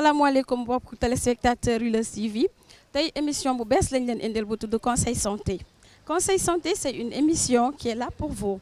salaamaaleykum mbokki téléspectateur yu la suivi tey émission bu bees lañ leen indil bu tudd conseil santé conseil santé c' est une émission qui est là pour vous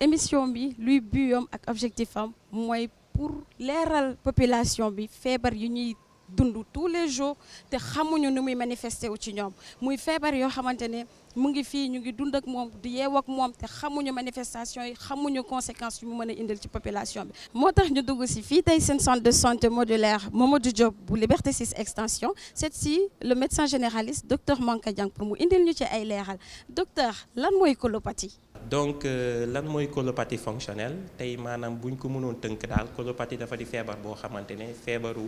émission bi luy buyam ak objectif am mooy pour leeral population bi feebar yu ñuy. dund tous les jours te xamuñu ni muy manifesté wu ci ñoom muy feebar yoo xamante ne mu ngi fii ñu ngi dund ak moom di yeew moom te xamuñu manifestation yi xamuñu conséquences yu mu mën a indil ci population bi. moo tax ñu dugg si fii tey seen centre de santé modulaire Mamadou Diop bu Liberté 6 extension seet si le médecin généraliste docteur Manka Diang pour mu indil ñu ci ay leeral docteur lan mooy colopathie. donc euh, lan mooy colopathie fonctionnelle tey maanaam bu ñu ko mënoon tënk daal colopathie dafa di feebar boo xamante ne feebaru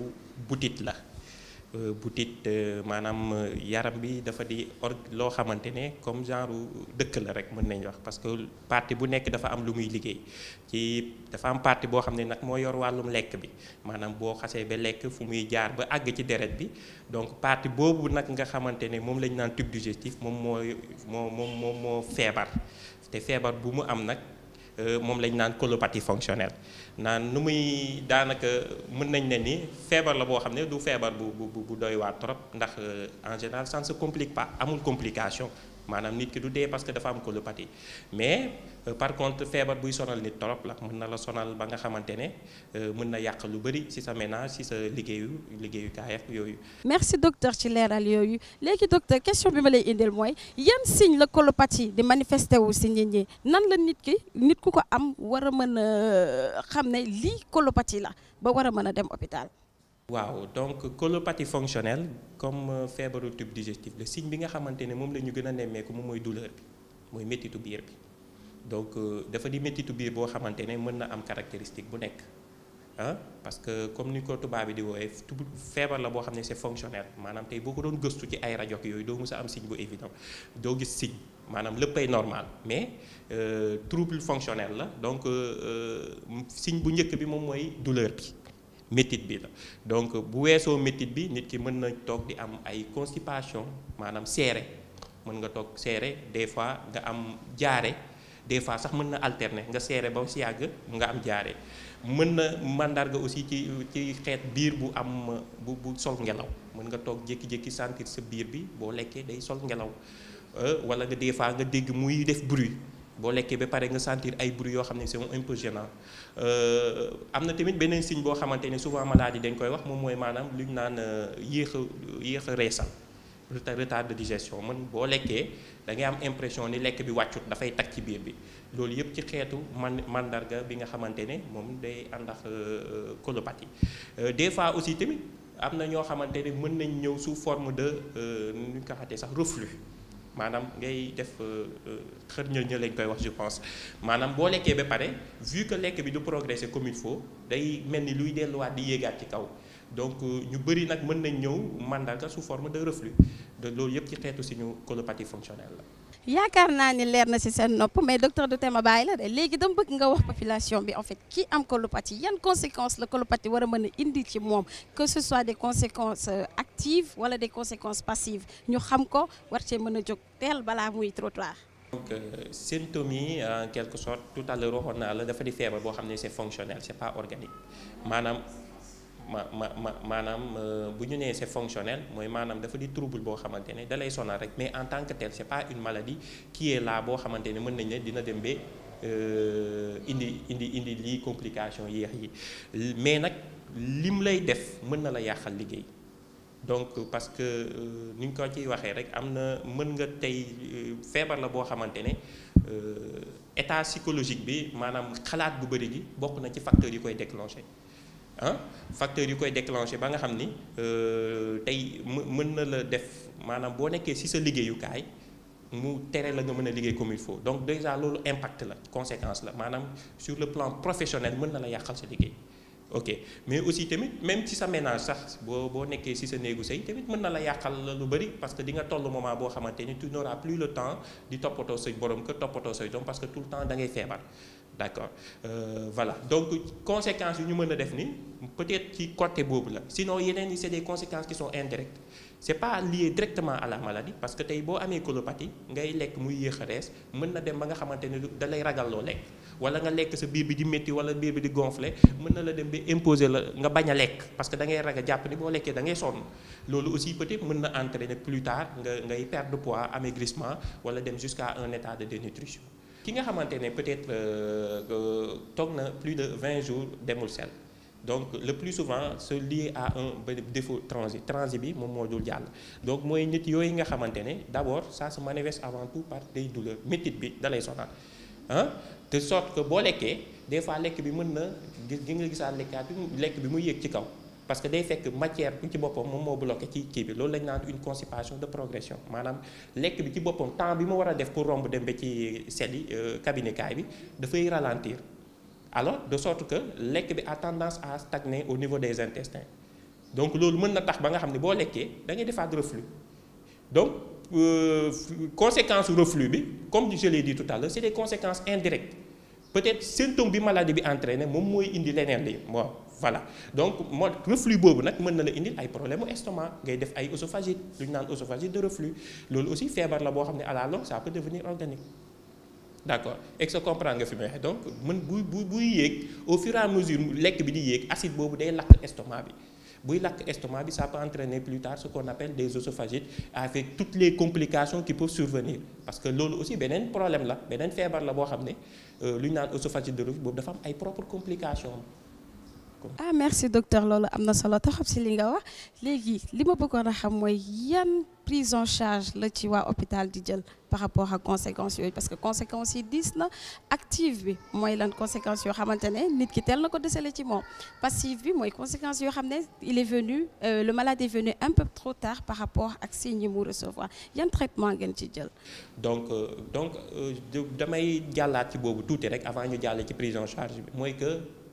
butit la Euh, butit maanaam euh, yaram bi dafa di or loo xamante ne comme genre dëkk la rek mën nañ wax parce que parti bu nekk dafa am lu muy liggéey ci dafa am parti boo xam ne nag moo yor wàllum lekk bi maanaam boo xasee ba lekk fu muy jaar ba àgg ci deret bi donc parti boobu nag nga xamante ne moom lañ naan tube digestif moom moo moo moom moo moo feebar te feebar bu mu am nag Euh, moom lañ naan colopathie fonctionnelle naan nu muy daanaka mën nañ ne ni feebar la boo xam ne du feebar bu bu bu doy waar trop ndax euh, en général ça ne se complique pas amul complication maanaam nit ki du dee parce que dafa am colopathie mais euh, par contre feebar buy sonal nit torop la mën na la sonal ba nga xamante ne euh, mën na yàq lu bëri ci sa ménage ci sa liggéeyu liggéeyu kaayaf yooyu. merci docteur ci leeral yooyu léegi docteur question bi ma lay indil mooy yan signe la colopathie di manifesté wu ci ñi nan la nit ki nit ku ko am war a mën a euh, xam ne lii colopathie la ba war a mën a dem hôpital. waaw donc colopathie fonctionnelle comme euh, feebaru tube digestif la signe bi nga xamante ne moom la ñu gën a nemmeeku moom mooy douleur bi mooy méttitu biir bi donc euh, dafa di méttitu biir boo xamante ne mën na am caractéristique bu nekk ah parce que comme ni ko tubaab bi di wooyee tub feebar la boo xam ne c'est fonctionnel maanaam tey boo ko doon gëstu ci ay rajo yooyu doo mës a am signe bu évident doo gis signe maanaam léppay normal mais euh, trouble fonctionnel la donc signe bu njëkk bi moom mooy douleur bi. métit bi la donc bu weesoo métit bi nit ki mën na toog di am ay constipation maanaam seere mën nga toog seere des fois nga am jaare des fois sax mën na alterner nga seere ba si yàgg nga am jaare mën na màndarga aussi ci ci xeet biir bu am bu bu sol ngelaw mën nga toog jékki-jékki sentir sa biir bi boo lekkee day sol ngelaw euh, wala nga des fois nga dégg muy def bruit boo lekkee ba pare nga sentir ay bruit yoo xam ne c'est un peu gênant am na tamit beneen signe boo xamante ne souvent malade yi dañ koy wax moom mooy maanaam lu ñu naan euh, yéex a yéex a reesal retard de digestion man boo lekkee dangay am impression ni lekk bi wàccut dafay tag ci biir bi loolu yëpp ci xeetu man mandarga bi nga xamante ne moom day àndax euh, euh, colopathie des fois aussi tamit am na ñoo xamante ne mën nañ ñëw sous forme de nu ñu ko xatee sax reflux maanaam ngay def euh, euh, xër ñër ñë lañ koy wax je pense maanaam boo lekkee ba pare vu que lekk bi du progresser commune foo faut day mel ni luy delluwaat di yéegaat ci kaw donc euh, ñu bëri nag mën nañ ñëw màndarga sous forme de reflux de loolu yëpp ci xeetu suñu colopathie fonctionnelle la. yaakaar naa ni leer na ci seen nopp mais docteur du tema bàyyi la de léegi dama bëgg nga wax population bi en fait ki am colopathie yan conséquences la colopathie war a mën a indi ci moom que ce soit des conséquences euh, actives wala des conséquences passives ñu xam ko war cee mën a jóg teel balaa muy trottoir. donc euh, symptômes yi en quelque sorte tout à l'heure naa la dafa di feebar boo xam ne c'est fonctionnel c'est pas organique ma ma ma maanaam euh, bu ñu nee c'est fonctionnel mooy maanaam dafa di trouble boo xamante ne dalay lay sonal rek mais en tant que tel c'est pas une maladie qui est là boo xamante ne mën nañ ne dina dem ba euh, indi indi indi lii complication yeex yi mais nag lim lay def mën na la yàqal liggéey donc parce que euh, ni ñu ko ciy waxee rek am na mën nga tey feebar la boo xamante ne état psychologique bi maanaam xalaat bu bëri gi bokk na ci facteurs yi koy déclencher. ah facteurs yu koy déclenché ba nga xam ni euh, tey mën na la def maanaam boo nekkee si sa liggéeyukaay mu tere la nga mën a liggéey comme il faut donc déjà loolu impact la conséquence la maanaam sur le plan professionnel mën na la yàqal sa liggéey ok mais aussi tamit même ci sa ménage sax boo boo nekkee ci sa néegu sëy tamit mën na la yàqal la lu bëri parce que di nga toll moment boo xamante ni tu n'auras plus le temps di toppatoo sa borom kër toppatoo parce que tout le temps da d'accord euh, voilà donc conséquences yu ñu mën a def ni peut-être ci côté boobu la sinon yeneen yi c'est des conséquences qui sont indirectes c'est pas lié directement à la maladie parce que tey boo amee colopathie ngay lekk muy yéex a rees mën na dem ba nga xamante ne da lay ragal loo lekk wala nga lekk sa biir bi di métti wala biir bi di gonfler mën na la dem ba imposer la nga bañ a lekk parce que da ngay ragal jàpp ni boo lekkee da ngay sonn loolu aussi peut-être mën na entraîner plus tard nga ngay perte de poids wala dem jusqu'à un état de dénutrition ki nga xamante ne peut-être euh, euh, toog na plus de vingt jours demul sel donc le plus souvent c'est lié à un défaut transit transit bi moom moo dul jàll donc mooy nit yooyu nga xamante ne d'abord ça se manifeste avant tout par des douleurs métit bi da lay sonal ah te sorte que boo lekkee des fois lekk bi mën na gis gi nga gisaat lekkaat bi lekk bi mu yéeg ci kaw parce que day fekk matière bu ci boppam moom moo bloqué ci kii bi loolu lañ naan une constipation de progression maanaam lekk bi ci boppam temps bi mu war a def pour romb dem ba ci sel yi euh, bi dafay ralentir alors de sorte que lekk bi a tendance à stagner au niveau des intestins donc loolu mën na tax ba nga xam ne boo lekkee da ngay defaat reflux donc euh, conséquence reflux bi comme je l'ai dit toutal à l'heure c'est des conséquences indirectes peut-être symptôme bi maladie bi entraîné moom mooy indi leneen li bon voilà donc moo reflux boobu nag mën na la indil ay problème mu estomac ngay def ay œsophagite lu ñu naan œsophagite de reflux loolu aussi feebar la boo xam ne à la longue ça peut devenir organique d' accord est nga fi may waxee donc mën bu bu buy yéeg au fur et à mesure lekk bi di yéeg acide boobu day lakk estomac bi buy lakk estomac bi ça peut entraîner plus tard ce qu'on appelle des œsophagites avec toutes les complications qui peuvent survenir parce que loolu aussi beneen problème la beneen feebar la boo xam ne euh, lu ñu naan œsophagite de Ruge boobu dafa am ay propres complications ah merci docteur loolu am na solo taxaw si li nga wax léegi li ma bëggoon a xam mooy yan prise en charge la ci waa hôpital di jël par rapport ak conséquence yooyu parce que conséquences yi diis na active bi mooy lan conséquences yoo xamante ne nit ki teel na ko desee desale ci moom passive bi mooy conséquence yoo xam ne il est venu euh, le malade est venu un peu trop tard par rapport ak signes yi mu recevoir yan traitement ngeen ci jël. donc euh, donc euh, damay jàllaat ci boobu tuuti rek avant ñu jàll ci prise en charge bi mooy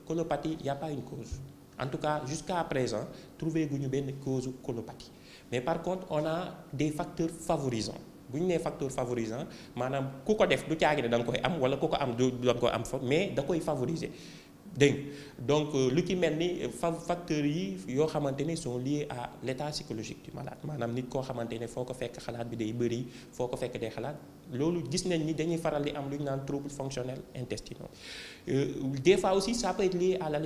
colopathie il y a pas une cause en tout cas jusqu'à présent trouvé guñu benn cause colopathie mais par contre on a des facteur favorisants bu ñu nee facteur favorisant maanaam ku ko def du caagi ne nga koy am wala ku ko am du da nga koy am mais da koy favoriser dégg donc euh, lu ci mel ni euh, facteurs yi yoo xamante ni sont liés à l' état psychologique du malade maanaam nit koo xamante ne foo ko fekk xalaat bi day bëri foo ko fekk day xalaat loolu gis nañ ni dañuy faral di am lu ñu naan trouble fonctionnel intestinal euh, des fois aussi ça peut être à l'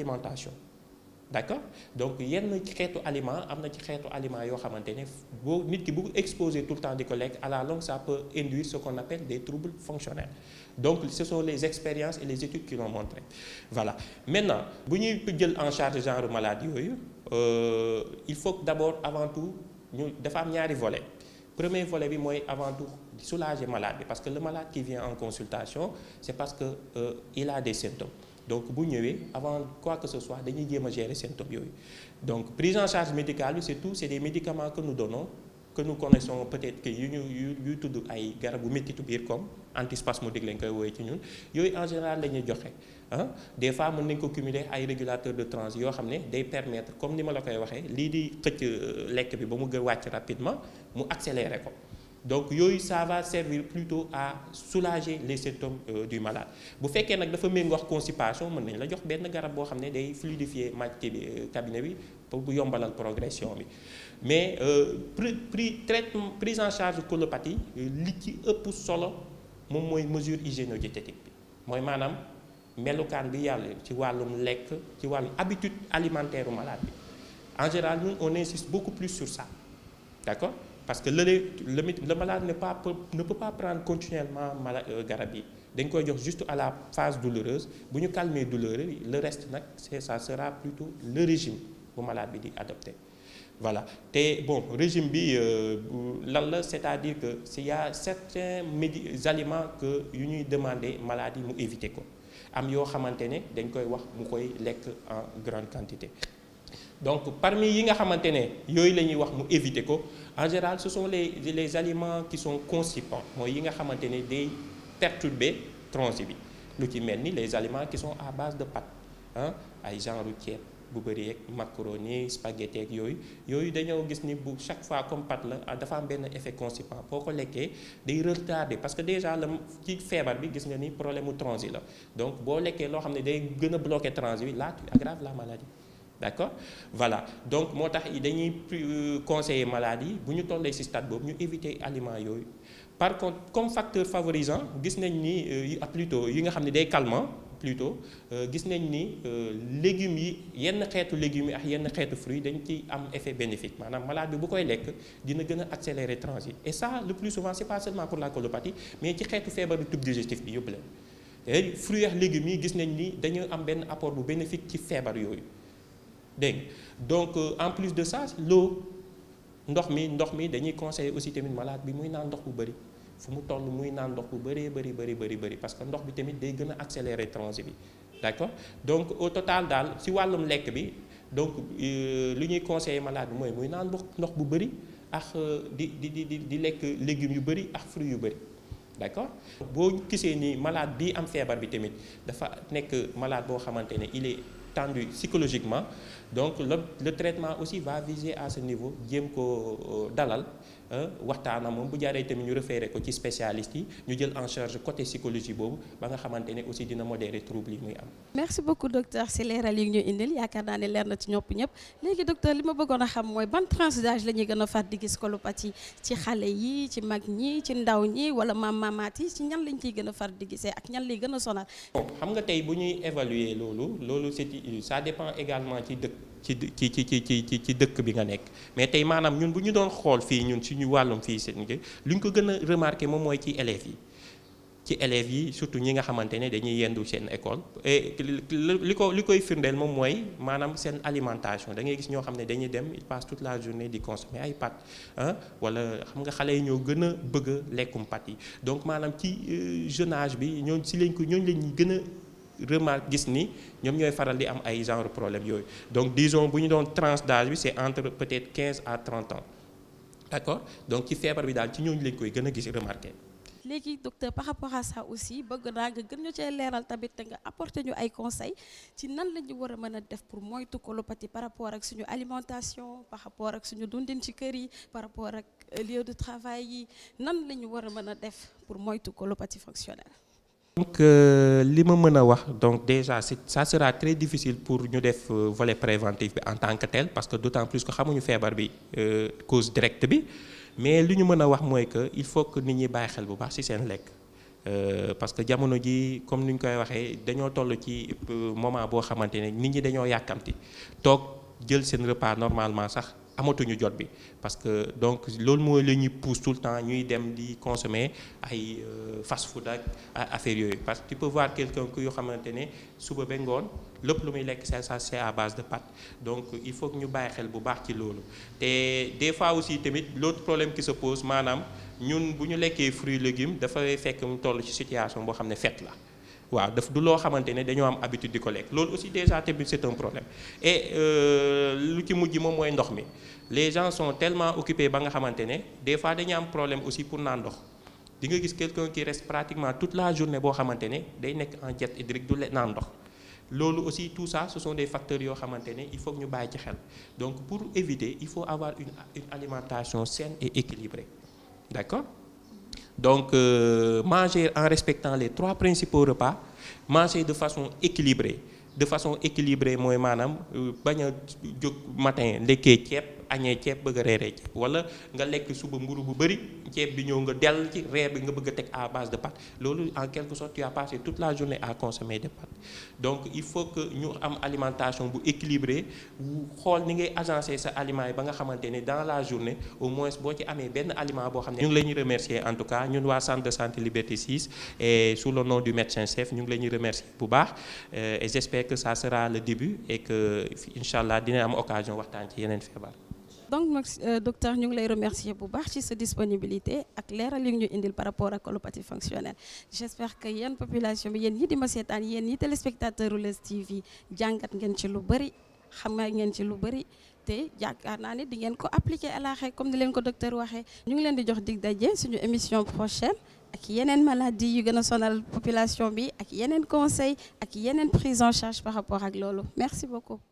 d'accord donc yenn ci xeetu aliment am na ci xeetu aliment yoo xamante ne boo nit ki bu exposé tout le temps di ko à la longue ça peut induire ce qu'on appelle des troubles fonctionnels donc ce sont les expériences et les études qui l'ont montré voilà maintenant bu ñuy jël en charge genre maladie yooyu euh, il faut que d'abord avant tout ñu dafa am ñaari volet premier volet bi mooy avant tout soulager malade bi parce que le malade qui vient en consultation c'est parce que euh, il a des donc bu ñëwee avant quoi que ce soit dañuy jéem a gérer symptômes yooyu donc prise en charge médicale bi surtout c' est des médicaments que nous donnons que peut-être que yu ñu yu tudd ay garabu méttitu biir comme antispasmodique lañ koy woowee ci ñun yooyu en général la ñuy joxe ah des fois nañ ko cumuler ay régulateur de transit yoo xam ne day permettre comme ni ma la koy waxee lii di xëcc euh, lekk bi ba mu gën wàcc rapidement mu accélérer ko. donc yooyu ça va servir plutôt à soulager les symptômes euh, du malade bu fekkee nag dafa méngoo wax constipation mën nañ la jox benn garab boo xam ne day fluidifier màcc euh, cabinet bi pour bu yombalal progression bi mais euh, pris traitement prise en charge colopathie li ci ëpp solo moom mooy mesure hygiénodiététique bi mooy maanaam melukaan bi yàlla ci wàllum lekk ci wàllum habitude alimentaire u malade bi en général ñun on insiste beaucoup plus sur ça d'accord parce que lële le le malade ne pas ne peut prendre continuellement mala euh, garab yi dañ koy jox juste à la phase douloureuse bu ñu calmer douleur yi le reste nag c'est ça sera plutôt le régime bu malade bi di adopté voilà te bon régime bi euh, lan la c'est-à-dire que s'il y a certains médi aliments que yu ñuy demander maladie mu éviter ko am yoo xamante ne dañ koy wax mu koy lekk en grande quantité donc parmi yi nga xamante ne yooyu la ñuy wax mu éviter ko en général ce sont les les aliments qui sont constipants mooy yi nga xamante ne day perturber transit bi lu ci mel ni les aliments qui sont à base de pâte ay genre ceeb bu bëri yeeg macaroni spaghetti ak yooyu yooyu dañoo gis ni bu chaque fois comme pâte la ah, dafa am benn effet constipant boo ko lekkee day retardé parce que déjà la ci feebar bi gis nga ni problème mu transit la donc boo lekkee loo xam ne day gën a bloqué transit bi là tu aggrave la maladie d'accord voilà donc moo tax dañuy euh, conseiller malade yi bu ñu tollee ci stade boobu ñu éviter aliments yooyu par contre comme facteur favorisant gis nañ ni euh, ah, plutôt yi nga xam ne day calmant plutôt euh, gis nañ ni légumes yi yenn xeetu légumes yi ak yenn xeetu fruits dañ ci am effet bénéfique maanaam malade bi bu koy lekk dina gën a accélérer transit et ça le plus souvent c'est pas seulement pour la colopathie mais ci xeetu feebaru tube digestif bi yëpp la gis nañ ni dañu am benn apport bu bénéfique ci feebar yooyu dégg donc euh, en plus de ça l'eau ndox mi ndox mi dañuy conseiller aussi tamit malade bi muy naan ndox bu bëri fu mu toll muy naan ndox bu bëree bëri bëri bëri bëri parce que ndox bi tamit day gën a accélérer transit bi d'accord donc au total daal si wàllum lekk bi donc euh, li ñuy conseiller malaad bi mooy muy naan ndox bu bëri ak euh, di di di di lekk légumes yu bëri ak fruits yu bëri d'accord boo gisee ni malaad bii am feebar bi tamit dafa nekk malaad boo xamante ne il tendu psychologiquement donc le, le traitement aussi va viser à ce niveau jéem ko euh, dalal Euh, waxtaan moom bu jaaree tamit ñu référé ko ci spécialiste yi ñu jël en charge côté psychologie boobu ba nga xamante ne aussi dina modérer trouble yi muy am. merci beaucoup docteur si leeral yi ñu indil yaakaar naa ne leer na ci ñopp ñëpp léegi docteur li ma bëggoon a xam mooy ban tranche d'âge la ñuy gën a far di gis colopathie ci xale yi ci mag ñi ci ndaw ñi wala maam maamaat yi ci ñan lañ ciy gën a far di gisee ak ñan lay gën a sonal. bon xam nga tey bu ñuy évaluer loolu loolu c'est ça dépend également ci ci ci ci ci ci ci dëkk bi nga nekk mais tey maanaam ñun bu ñu doon xool fii ñun suñu wàllum fii seen lu ñu ko gën a remarqué moom mooy ci élève yi ci élèves yi surtout ñi nga xamante ne dañuy yendu seen école et li ko li koy firndeel moom mooy maanaam seen alimentation da gis ñoo xam ne dañuy dem ils passent toute la journée di consommer ay pâtes ah wala xam nga xale yi ñoo gën a bëgg a lekkum pâtes yi donc maanaam ci euh, jeune âge bi ñooñ si lañ ko ñooñu lañ gën a remarque gis ni ñoom ñooy faral di am ay genre problème yooyu donc disons bu ñu doon tranche d'âge bi c'est entre peut-être 15 à 30 ans d'accord donc ci feebar bi daal ci ñooñu lañ koy gën a gis remarqué. léegi docteur par rapport à bëgg naa gën ñu cee leeral tamit te nga ñu ay conseils ci nan la ñu war a mën a def pour moytu colopathie par rapport ak suñu alimentation par rapport ak suñu dundin ci kër yi par rapport ak euh, lieu de travail yi nan la ñu war a mën a def pour moytu colopathie fonctionnelle. donc euh, li ma mën a wax donc déjà ça sera très difficile pour ñu def euh, volet préventif bi en tant que tell parce que d'autant plus que xamuñu feebar bi euh, cause directe bi mais li ñu mën a wax mooy que il faut que nit ñi bàyyi xel bu baax ci seen lekk parce que jamono ji comme ni ñu koy waxee dañoo toll ci moment boo xamante ne nit ñi dañoo yàkkamti toog jël seen repas normalement sax amatuñu jot bi parce que donc loolu mooy la ñuy pousse tout le ñuy dem di consommer ay euh, fast food ak affaire yooyu parce que tu peux voir quelqu'un ku yoo xamante ne suba ba ngoon lépp lu muy lekk ça c'est à base de pâtes donc il faut que ñu bàyyi xel bu baax ci loolu te des fois aussi tamit l'autre problème qui sa pose maanaam ñun bu ñu lekkee fruits légumes dafay fekk mu toll ci situation boo xam ne fet la waaw daf du loo xamante ne dañoo am habitude di ko lekk loolu aussi déjà tamit c'est un problème et euh, lu ci mujj moom mooy ndox mi les gens sont tellement occupés ba nga xamante ne des fois dañu am problème aussi pour naan ndox di nga gis quelqu'un qui reste pratiquement toute la journée boo xamante ne day nekk en diète hydrique du naan ndox loolu aussi tout ça ce sont des facteurs yoo xamante ne il faut ñu bàyyi ci xel donc pour éviter il faut avoir une une alimentation saine et équilibrée d'accord Donc, euh, manger en respectant les trois principaux repas, manger de façon équilibrée. De façon mooy équilibrée, moi, madame, matin, les kétiep, añee ceeb bëgg a reeree ceeb wala nga lekk suba mburu bu bëri ceeb bi ñëw nga dell ci reer bi nga bëgg teg à base de pâtes loolu en quelque sorte tu as passé toute la journée à consommer des pâtes donc il faut que ñu am alimentation bu bu xool ni ngay agencer sa aliment yi ba nga xamante ne dans la journée au moins boo ci amee benn aliment boo xam ne ñu ngi la ñuy remercier en tout cas ñun waa centre de santé Liberté 6 et sous le nom du médecin ñu ngi la ñuy remercier bu baax euh, et j'espère que ça sera le incha allah dina am occasion waxtaan ci yeneen feebar donc euh, docteur ñu ngi lay remercier bu baax ci sa disponibilité ak leeral yi ñu indil par rapport ak colopathie fonctionnelle j'espère que yéen population bi yéen ñi dima ma seetaan yéen ñi téléspectateur u Leuz TV jàngat ngeen ci lu bëri xam ngeen ci lu bëri te yaakaar naa ne di ngeen ko appliquer à la comme ni leen ko docteur waxee ñu ngi leen di jox dig daje suñu émission prochaine ak yeneen maladie yu gën a sonal population bi ak yeneen conseil ak yeneen prise en charge ak loolu merci beaucoup